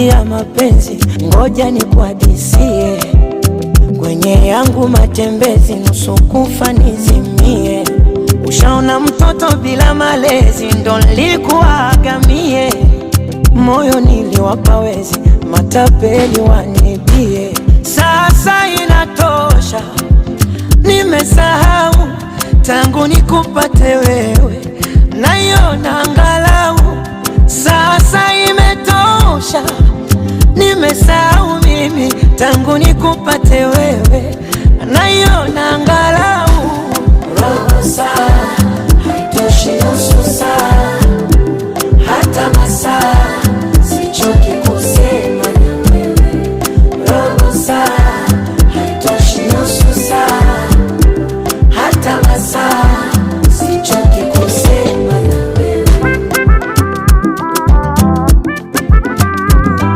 ya mapenzi ngoja ni kwenye yangu matembezi, nusu kufa nizimie. Ushaona mtoto bila malezi, ndo nilikuagamie. Moyo niliwapa wezi, matapeli wanibie. Sasa inatosha, nimesahau tangu nikupate wewe, nangaa umenisahau mimi tangu nikupate wewe, anaiona anga